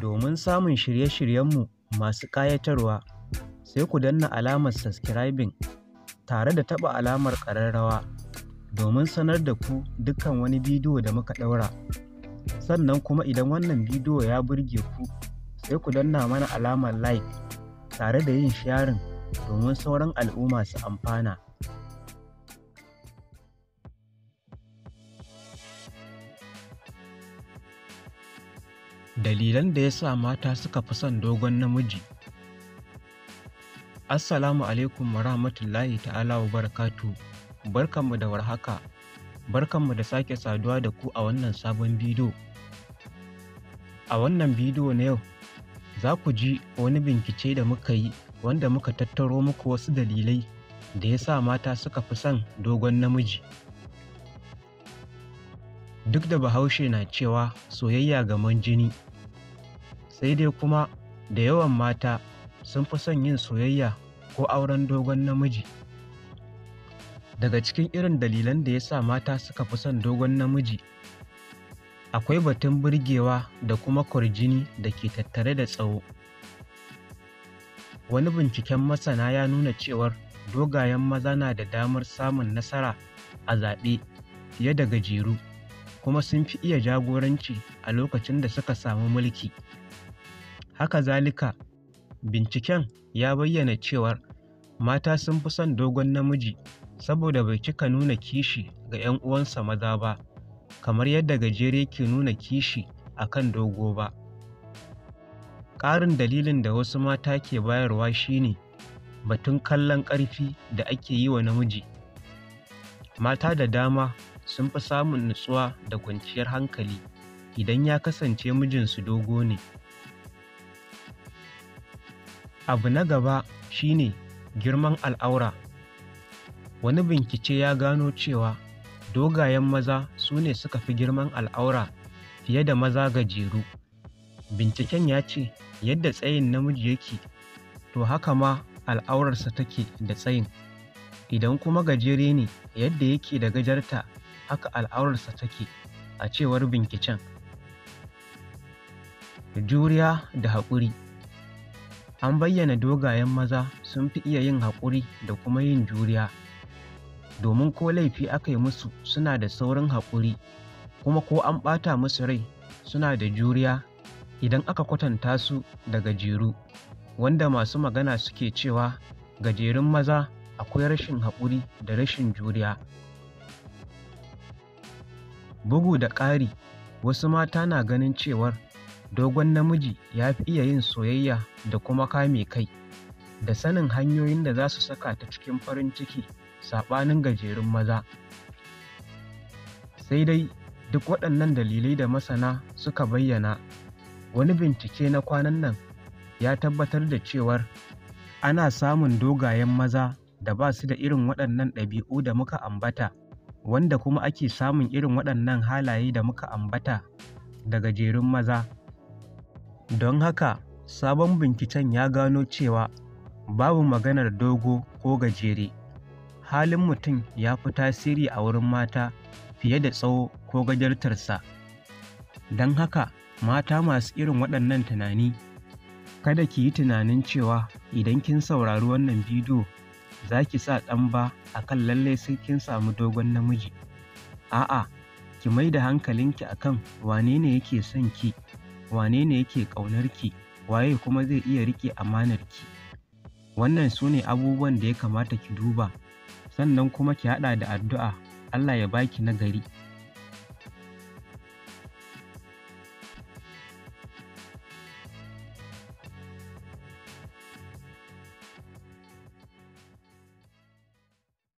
Domin samun shirye-shiryenmu masu ƙayatarwa, sai ku danna alamar subscribing tare da taɓa alamar ƙararrawa domin sanar da ku dukkan wani bidiyo da muka ɗaura. Sannan kuma idan wannan bidiyo ya burge ku, sai ku danna mana alamar like tare da yin sharing domin sauran al'umma su amfana. Dalilan da ya sa mata suka fi son dogon namiji. Assalamu alaikum wa rahmatullahi ta'ala wa barakatu. Barkanmu da warhaka. Barkanmu da sake saduwa da ku a wannan sabon bidiyo. A wannan bidiyo na yau, za ku ji wani bincike da muka yi wanda muka tattaro muku wasu dalilai da ya sa mata suka fi son dogon namiji. Duk da Bahaushe na cewa soyayya man jini, sai dai kuma da yawan mata sun fi son yin soyayya ko auren dogon namiji. Daga cikin irin dalilan da ya sa mata suka fi son dogon namiji, akwai batun burgewa da kuma kwarjini da ke tattare da tsawo. Wani binciken masana ya nuna cewar dogayen maza na da damar samun nasara a zaɓe fiye da gajeru. kuma sun fi iya jagoranci a lokacin da suka samu mulki. Haka zalika, binciken ya bayyana cewar mata sun fi son dogon namiji saboda bai cika nuna kishi ga 'yan uwansa maza ba, kamar yadda gajere ke nuna kishi a kan dogo ba. Ƙarin dalilin da wasu mata ke bayarwa shine batun kallon ƙarfi da ake yi wa namiji. Mata da dama sun fi samun nutsuwa da kwanciyar hankali idan ya kasance mijinsu dogo ne. Abu na gaba shi ne girman al'aura. Wani bincike ya gano cewa dogayen maza su ne suka fi girman al'aura fiye da maza gajeru. Binciken ya ce yadda tsayin namiji yake, to haka ma al'aurarsa take da tsayin. Idan kuma gajere ne yadda yake da gajarta haka al'aurarsa take a cewar binciken. juriya da haƙuri an bayyana dogayen maza sun fi iya yin haƙuri da kuma yin juriya domin ko laifi aka yi musu suna da saurin haƙuri kuma ko an ɓata musu rai suna da juriya idan aka kwatanta su da gajeru wanda masu magana suke cewa gajerun maza akwai rashin haƙuri da rashin juriya Bugu da ƙari, wasu mata na ganin cewar dogon namiji ya fi iya yin soyayya da kuma kame kai, da sanin hanyoyin da za su saka ta cikin farin ciki saɓanin gajerun maza. Sai dai duk waɗannan dalilai da masana suka bayyana, wani bincike na kwanan nan ya tabbatar da cewar ana samun dogayen maza da ba su da irin waɗannan ɗabi'u da muka ambata. wanda kuma ake samun irin waɗannan halaye da muka ambata daga jerin maza don haka sabon binciken ya gano cewa babu maganar dogo ko gajere halin mutum ya fi tasiri a wurin mata fiye da tsawo ko gajartarsa don haka mata masu irin waɗannan tunani kada ki yi tunanin cewa idan kin saurari wannan bidiyo za ki sa ɗan ba a kan lallai sai kin samu dogon namiji. A'a, ki mai da hankalinki a kan wane ne yake son ki, wane ne yake ƙaunar ki, waye kuma zai iya riƙe amanar ki. Wannan su ne abubuwan da ya kamata ki duba, sannan kuma ki haɗa da addu'a, Allah ya baki nagari.